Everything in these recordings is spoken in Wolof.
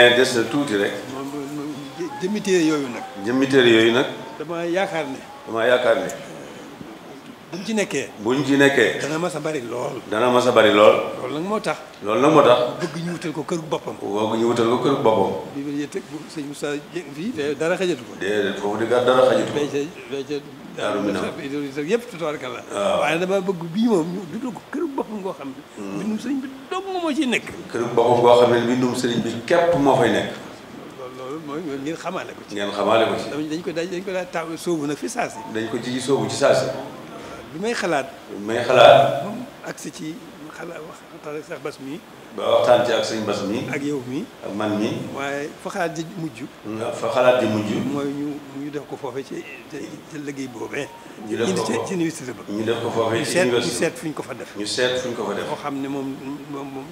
Eh, des na tuuti rek. jëmmi téere yooyu nag. jëmmi téere yooyu nag. dama yaakaar ne. dama yaakaar ne. buñ ci nekkee. buñ ci nekkee. dana mas a bari lool. dana mas a bari lool. loolu moo tax. loolu nag moo tax. bëgg ñu ko kër boppam. bëgg ñu wutal ko kër boppam. bii ba yéeg teg sëñ Moussa foofu di dara xajatu ko. daaru mi naam yëpp tubaarkalla waaye damaa bëgg bii moom ñu dugal ko këru boppam ngoo xam ne mbindum hmm. sëriñ bi dong moo ciy nekk këru boppam xam ne mbindum sëriñ bi képp moo fay nekk loolu mooy ngeen xamaa ko ci ngeen xamaale ko ci dañ ko dañ dañ ko daa taw sóobu nag fi saasi dañ ko ci sóobu ci saasi bi may xalaat bi may xalaat moom agsi ci xalaat wax sax bas mii ba waxtaan ci ak sëñ bas mi. ak yow mi ak man mi. waaye fa xalaat di mujj. fa xalaat di mujj. mooy ñu ñu def ko foofee ci ci liggéey boobee. ñu def ko foofu ci université ba. ñu def ko foofee ci université ñu seet fu ko fa def. ñu seet fu ko fa def. boo xam ne moom moom moom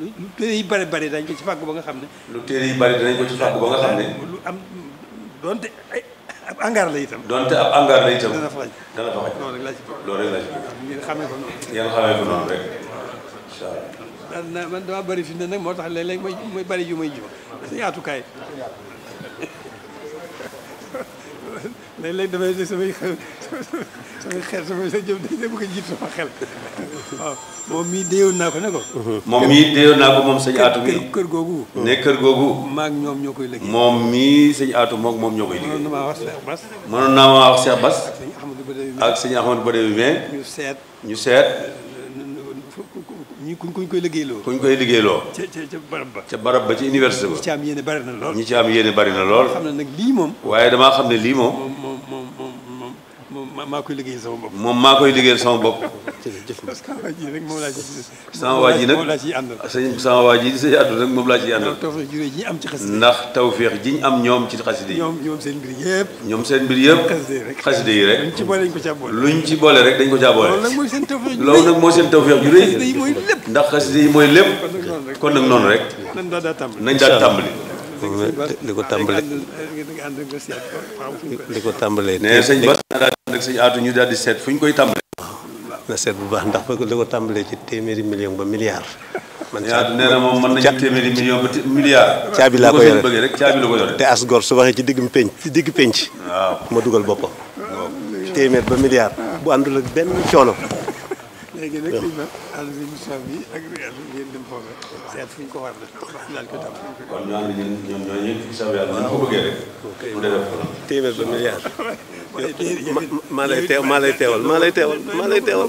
lu téere yi bari bari dañ ko ci fàggu ba nga xam ne. lu téere yi bari danañ ko ci fàggu ba nga xam ne. lu am doonte ay ab angaar la itam. donte ab angaar la itam. dana fa xaj dana fa xaj. loolu rek laa ci bëgg loolu rek laa ci bëgg. ngeen xamee ko noonu. ngeen xamee incha allah man damaa fi moo tax léeg-léeg may may bëri yu may ji ma. sa yaatukaay. léeg-léeg damay a moom mii déyoon naa ko ne ko. moom mii déyoon naa ko moom sëñ Aatu bi kër googu. ne kër googu. maa ñoom ñoo koy liggéey. moom mii sëñ Aatu moom moom ñoo koy liggéey. mënoon na maa wax Cheikh Bass. mënoon naa maa wax Cheikh Bass. ak sëñ Ahmadou Badé bi ak sëñ ñu seet ñu seet. ñi kuñ kuñ koy liggéeyloo. kuñ koy liggéeyloo. ca ca ca barab ba. ca barab ba ci université ba. ñi am yéene bari na lool. ñi ci am yéene bari na lool. waaye damaa xam ne lii moom. maa koy liggéeyal sama bopp. moom maa koy liggéeyal sama bopp. sama waa ji nag moom laa ciy àndal. sama waa ji di say àdduna rek moom laa ciy àndal. ndax tawféex ji ñu am ñoom ci xaside yi. ñoom seen mbir yëpp. ñoom yi rek. luñ ci ci boole rek dañ ko caa boole. loolu nag mooy seen tawféex ju rëy. ndax xaside yi mooy lépp. kon nag noonu rek. nañ daa tàmbali. li ko tàmbalee li ko tàmbalee. nee sëñ Ba. nag suñu aatu ñu daal di seet fu ñu koy tàmbalee. na seet bu baax ndax la ko tàmbalee ci téeméeri million ba milliard. man caabi moom mën nañu téeméeri million ba milliard. caabi laa ko yore bëggee rek caabi la ko yore. te as gor su waxee ci digg penc ci digg penc. waaw ma dugal boppam. téeméer ba milliard. bu àndul ak benn coono. léegi nag dañ ma ànd si émission bi ak yéen dem foofu seet fu ñu ko war a def ko tam. kon ñu ànd ñun ñoom ñoo ñëpp ci sama yàlla ko bëggee rek. mu defee ko téeméer ba milliard. maa lay teew maa lay teewal maa lay teewal maa lay teewal.